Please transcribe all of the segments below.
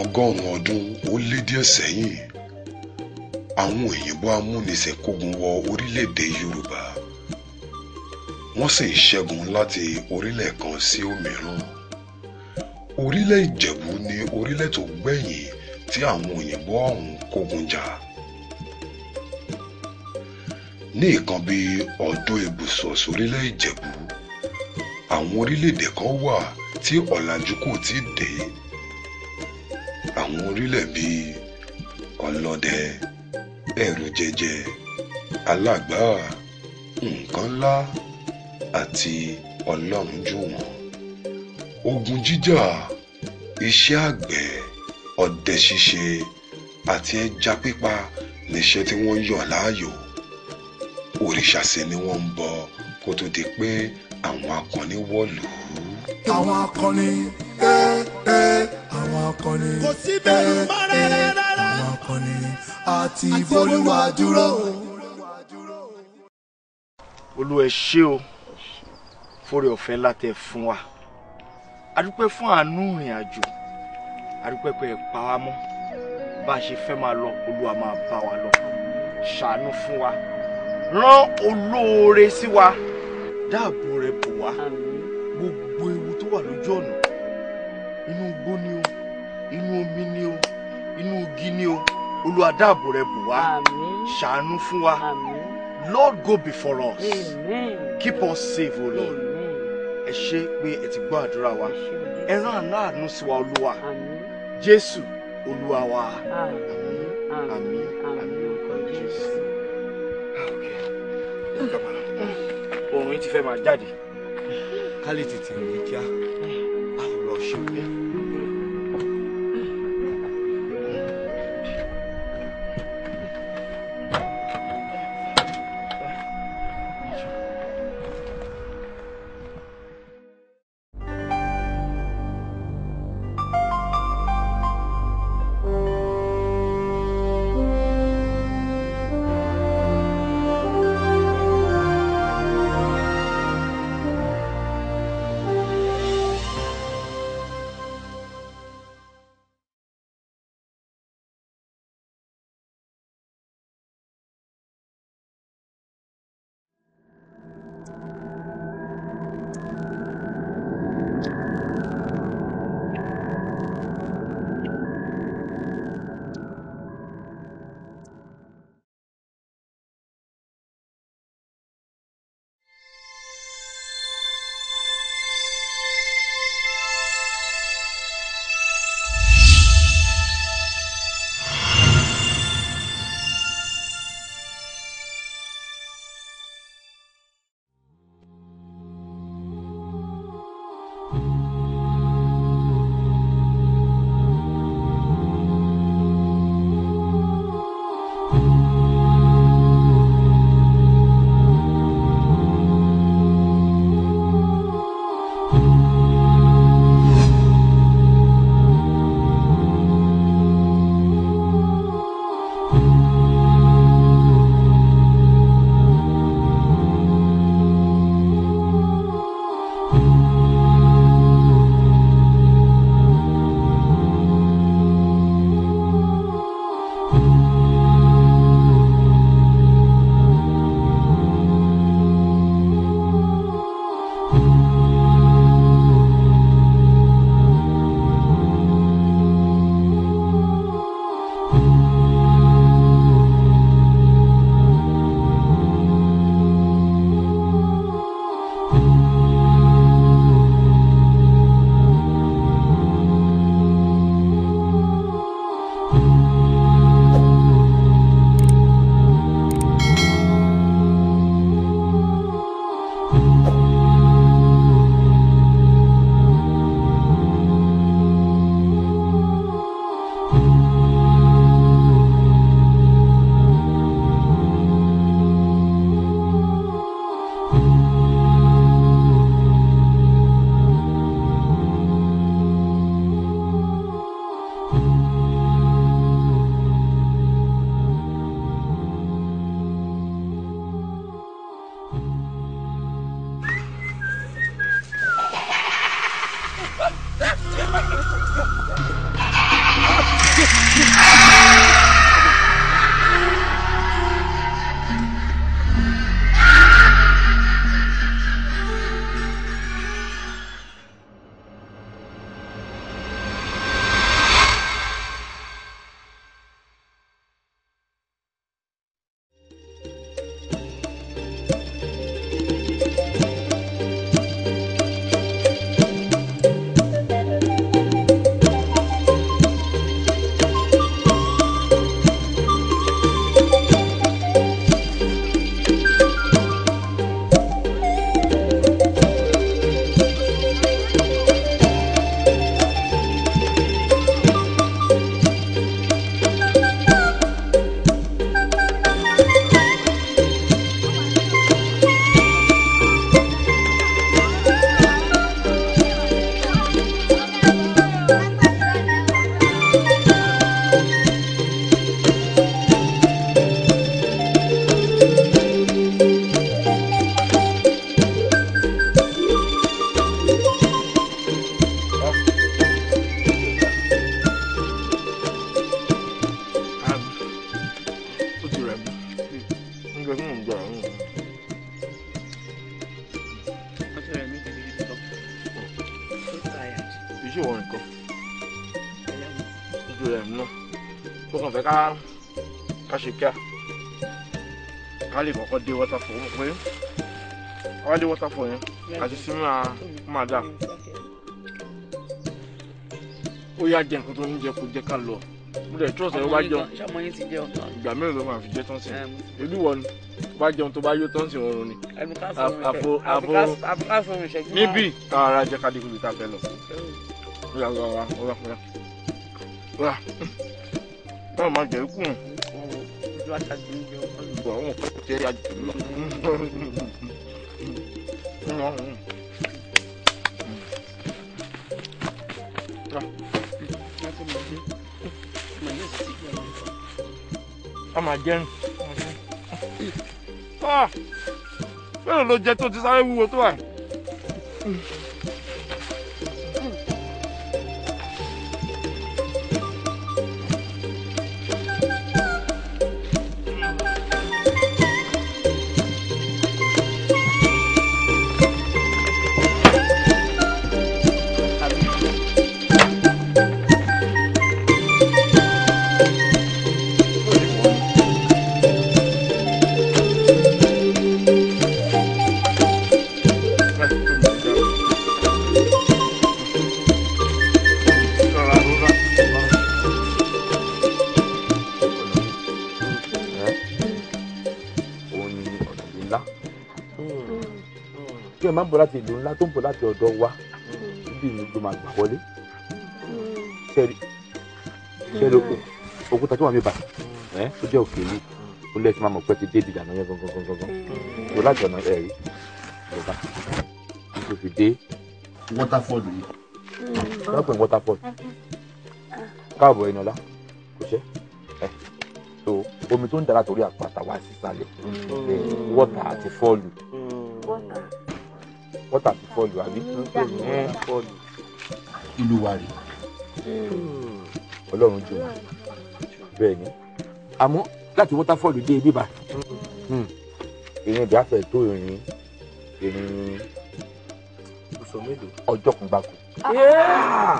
ọgọ́rùn-ún ọdún ó lé díẹ̀ sẹ́yìn àwọn òyìnbó amúnisìn kógun wọ orílẹ̀-èdè yorùbá wọ́n sì ń ṣẹ́gun láti orílẹ̀ kan sí òmíràn orílẹ̀ ìjẹ̀bú ni orílẹ̀ tó gbẹ̀yìn tí àwọn òyìnbó ọ̀hún kógun jà ní nǹkan bíi ọdún ibùsọ̀ sórílẹ̀ ìjẹ̀bú àwọn orílẹ̀-èdè kan wà tí ọ̀làjú kò tí ì dé àwọn orílẹ̀ bíi ọlọ́dẹ ẹ̀rù jẹjẹ alágbà nǹkan ńlá àti ọlọ́run jù wọ́n ogun jíjà iṣẹ́ àgbẹ̀ ọdẹ ṣíṣe àti ẹja pípa níṣẹ́ tí wọ́n yàn láàyò òrìṣà sì ni wọ́n ń bọ kó tó di pé àwọn akọni wọ̀lú. àwọn akọni ẹ. Eh akọni. kò sí bẹ̀rù mọ́ rárá rárá. àwọn akọni àti ìbolúwa dúró. olúwa ṣé o fórí ọ̀fẹ́ láti ẹ̀ fún wa adúpẹ́ fún àánú ìrìn àjò adúpẹ́ pé ẹ̀ pa wá mọ́ bá a ṣe fẹ́ máa lọ olúwa máa bá wa lọ ṣàánú fún wa rán olóore sí wa dáàbò rẹ bò wá gbogbo ewu tó wà lójú ọ̀nà inú igbó ni o inú omi ni o inú igi ni o Olúwa dáàbò rẹ bò wá ṣàánú fún wa Lord go before us Amen. keep us safe o Lord ẹ ṣe pé ẹ ti gbọ́ àdúrà wa ẹ rán àánú àánú sí wa Olúwa Jésù Olúwa wa àmín àmín àmín orúkọ Jésù. Ah, eh. oòrùn yìí ti fẹ́ máa jáde ká lè tètè rìn kíá a eh. lọ ṣe òun. fẹ́ ká ká ṣe kíá ká lè kọ́kọ́ dé waterfall mọ̀ pé ká dé waterfall yẹn àti sí máa máa dà ó yá jẹ nǹkan tó ń jẹ kó jẹ ká lọ mo dẹ̀ trọ́ọ̀sì ẹ̀ ó bá jẹun ìgbà mélòó ló máa fi jẹ tán sí i ebi wọ ni bá jẹun tó bá yó tán sí ọrùn ni àfo àfo níbí tààrà jẹ ká dìgbò tá a fẹ́ lọ. ó yà ó yà ó yà ó yà ó yà náà máa jẹ ikú a máa jẹun ah! mélòó ló jẹ tó ti sáré wúwo tó wà. kí ẹ má bọ̀ láti ìlú ńlá tó ń bọ̀ láti ọ̀dọ̀ wa níbi ìlú máa gbà wọlé sẹ́ẹ̀rì sẹ́ẹ̀rì òkúta tó wà mí bà ẹ́ ó jẹ́ òkè yìí ó lẹ́sí máa mọ̀ pé ti débi ìdáná yẹn gangan gangan gangan tó láti ọ̀nà ẹ̀rí ìjọba tó fi dé waterfall yìí lọ́pọ̀ waterfall káàbọ̀ ẹni ọ̀la kò ṣe ẹ̀ so omi tó ń dara torí àpáta wá sísàlẹ̀ wọ́tà àti fọ́ọ̀lù wọ́tà ti fọ́ọ̀lù àbí fọ́ọ̀lù. ìlú wa rèé hmm. ọlọ́run jù wọ́n bẹ́ẹ̀ ni àmọ́ láti waterfall dé ibi bá hmm. ìrìn ìdí àfẹ́ tó ìrìn ìrìn ọjọ́ kan gbáko. Ah!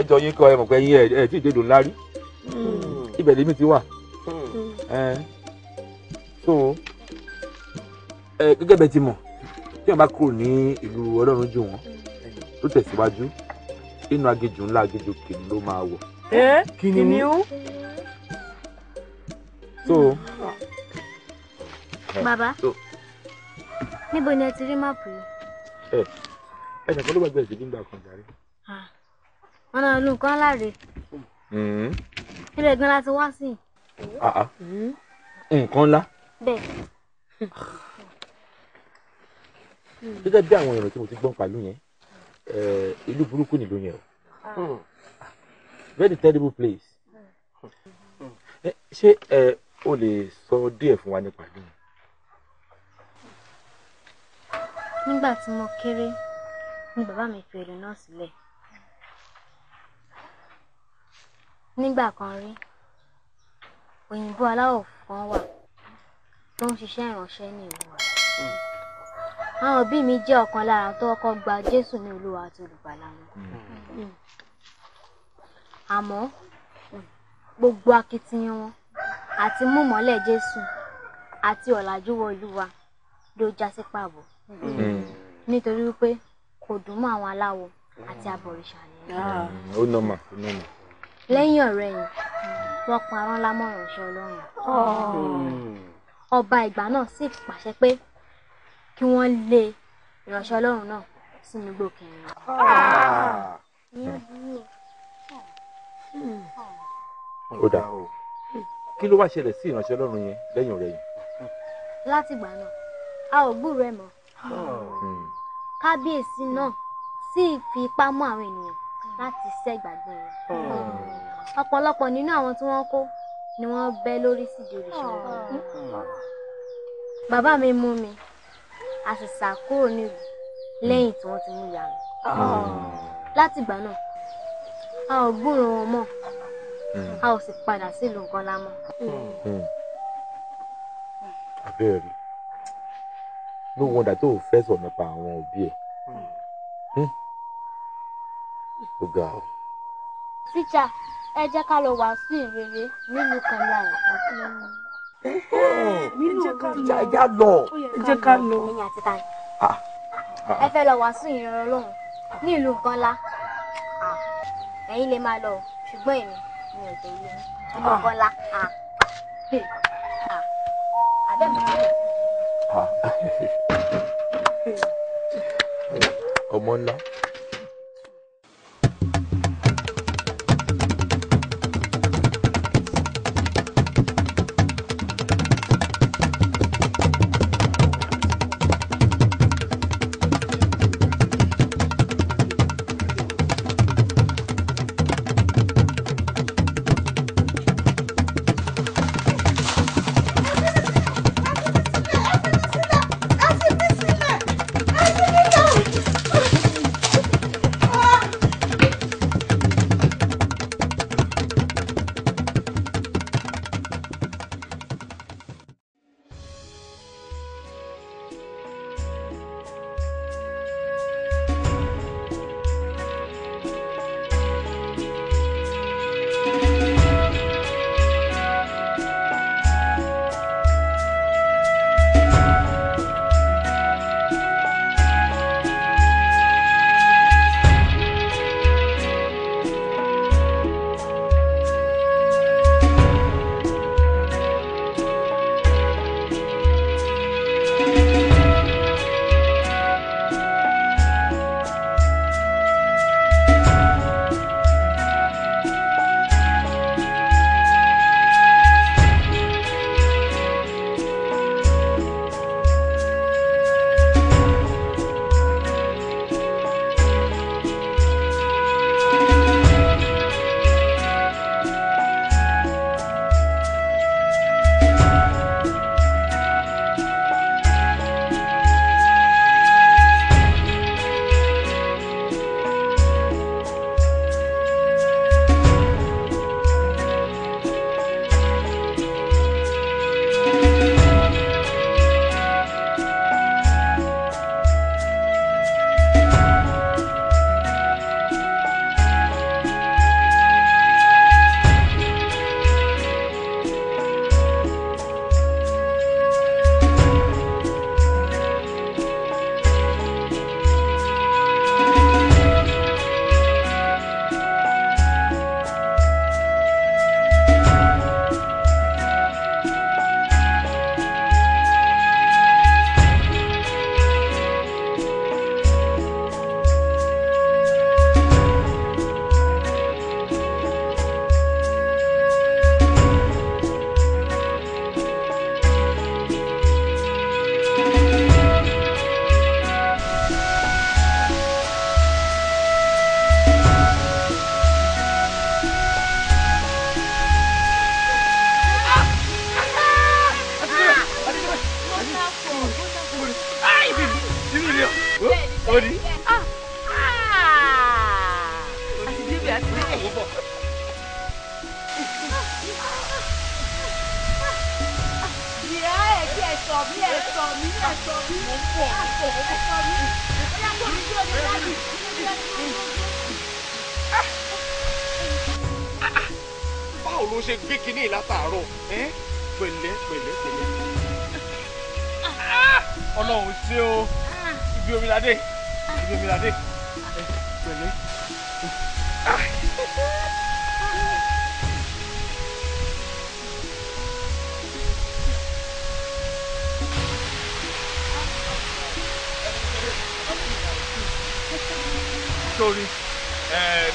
ẹjọ́ yín kọ́ ẹ mọ̀ pé yín ẹ̀ tí ìdèdò ńlá rí hmm. ibẹ̀ lèmi ti wà so gẹ́gẹ́ bẹ́ẹ̀ ti mọ̀ tí wọn bá kúrò ní ìlú ọlọ́run jù wọn tó tẹ̀síwájú inú agéjù ńlá agéjù kìnì ló máa wọ̀. ẹ kìnìún ó. so. bàbá níbo ni ẹ ti rí máàpù yìí. ẹ ẹ ṣàkóso ló gbàgbé ìṣèlú ńgbà kan jàre. wọn náà lu nǹkan láre. Hmm. ilé ẹ̀gbọ́n láti wá sí. Ah, ah. Hmm. nǹkan ńlá. bẹ́ẹ̀. gẹ́gẹ́ bí àwọn ìròyìn tí mo ti gbọ́ pàlú yẹn ìlú burúkú nìlú yẹn o very terrible place ṣé o lè sọ díẹ̀ fún wa nípa ìlú yẹn. nígbà tí mo kéré ni bàbá mi fi ìlú náà sílẹ̀ nígbà kan rí òyìnbó aláwọ̀ kan wà tó ń ṣiṣẹ́ ìránṣẹ́ ní ìlú wa àwọn òbí mi jẹ́ ọ̀kan lára tó kọ́kọ́ gba Jésù ní Olúwa àti Olùgbàlà wọn hmm. Hmm. àmọ́ gbogbo akitiyan wọn àti múmọ́lẹ̀ Jésù àti ọ̀làjú wọ Olúwa ló já sí pàbó hmm. nítorí wípé kò dùn mọ́ àwọn aláwọ̀ àti abọ̀rìṣà nìyẹn. Ah. ó nọ́mà ó nọ́mà. lẹ́yìn ọ̀rẹ́ yìí wọ́n pa arán lámọ̀ràn ọ̀ṣọ́ Ọlọ́run ọba ìgbà náà sì pàṣẹ pé kí wọ́n lé ìránṣẹ́ ọlọ́run náà sínú igbó kẹrin. Ah. ó dáa o kí ló wá ṣẹlẹ̀ sí ìránṣẹ́ ọlọ́run yẹn lẹ́yìn rẹ̀ yìí. látìgbà náà a ò gbúròó ẹ̀ mọ́ hmm. kábíyèsí náà sì fi ipá mú àwọn ènìyàn láti ṣẹ́ ìgbàgbé wọn hmm. ọ̀pọ̀lọpọ̀ nínú àwọn tí wọ́n kó ni wọ́n bẹ́ lórí sídìí òrìṣà hmm. bàbá mi mú mi a sì sá kúrò nílùú lẹ́yìn tí wọ́n ti mú ìyá mi. Hmm. láti ìgbà náà a ò gbúròó wọn mọ́ hmm. a ò sì padà sílùú nǹkan lámọ́. Hmm. abẹ́rẹ́ ló wọ́n dà tó o fẹ́ sọ̀rọ̀ nípa àwọn òbí ẹ̀. ó ga ọ. tíṣà ẹ jẹ́ ká lọ wàásù ìrere nílùú kan lára mi náà ká lọ ẹ jẹ́ ká lọ. Ah. ẹ fẹ́ lọ wàásù ìrìn ọlọ́run ní ìlú nǹkan ah. la ẹ̀yin lè máa lọ ṣùgbọ́n èmi mi ò tẹ̀lé ọmọ nǹkan ah. la abẹ́ mi náà. ọmọ ńlá. báwo ló ṣe gbé kinní yìí látàárọ̀ pẹ̀lẹ́ pẹ̀lẹ́ pẹ̀lẹ́. ọlọ́run ṣé o ibi omi ládé ibi omi ládé pẹ̀lẹ́. sórí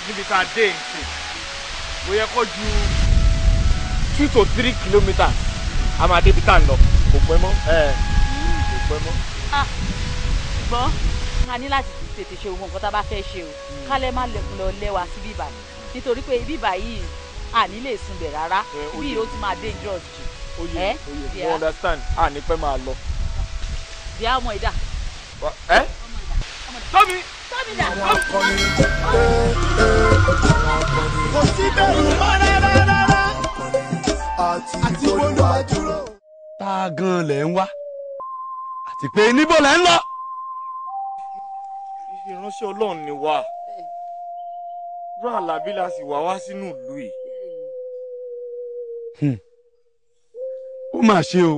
níbi tá a dé nsìn bóyá kó ju two to three kilometers I'm at the tá à ń lọ Eh, pẹ́ mọ́ Ah, pẹ́ mọ́. ṣùgbọ́n a ní láti tètè ṣe ohun nǹkan tá a bá fẹ́ ṣe o hmm. kálẹ̀ má lẹ̀kùn lọ lẹ́wà sí bíbà yìí nítorí pé bíbà yìí a ní lè sunbẹ̀ o ti máa dangerous jù. oye oye you understand a ní pẹ́ máa lọ. bí a mọ ìdá. ẹ Tommy, tọ́mi dà. kò sí bẹ́ẹ̀ rú mọ́ àti ìbolúwa dúró. tá a gan lẹ̀ ń wá àti pé níbo lẹ̀ ń lọ. ìránṣẹ́ ọlọ́run ni wá rú àlàbí la sì wá wá sínú ìlú yìí. ó mà ṣe o.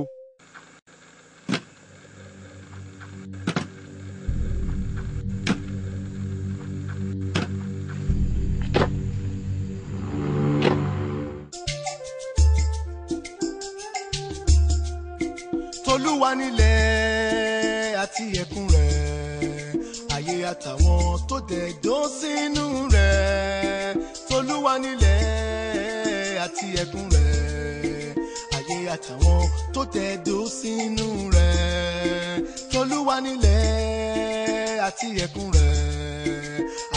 ẹkún rẹ̀ ayé àtàwọn tó tẹ̀dó sínú rẹ̀ tolúwa nílẹ̀ àti ẹkún rẹ̀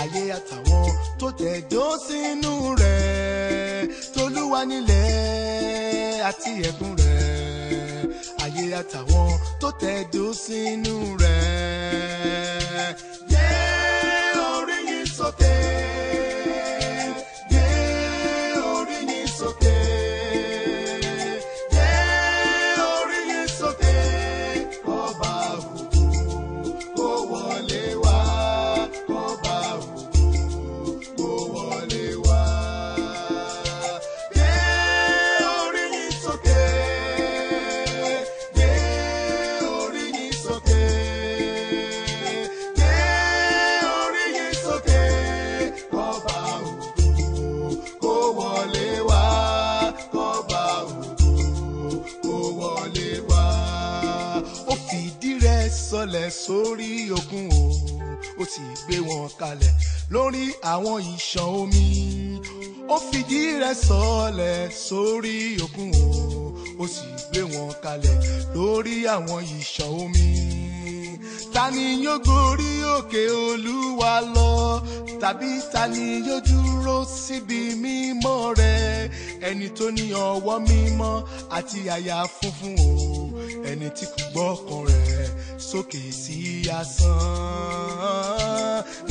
ayé àtàwọn tó tẹ̀dó sínú rẹ̀ tolúwa nílẹ̀ àti ẹkún rẹ̀ ayé àtàwọn tó tẹ̀dó sínú rẹ̀ yẹ́ orí yìí sókè. mi ó fìdí rẹ̀ sọlẹ̀ sórí òkun o ó sì gbé wọn kalẹ̀ lórí àwọn ìṣàn omi ta ni yóò gorí òkè olúwa lọ tàbí ta ni yóò dúró síbi mímọ́ rẹ̀ ẹni tó ní ọwọ́ mímọ́ àti àyà funfun o ẹni tí kò gbọ́kàn rẹ̀ sókè sí asán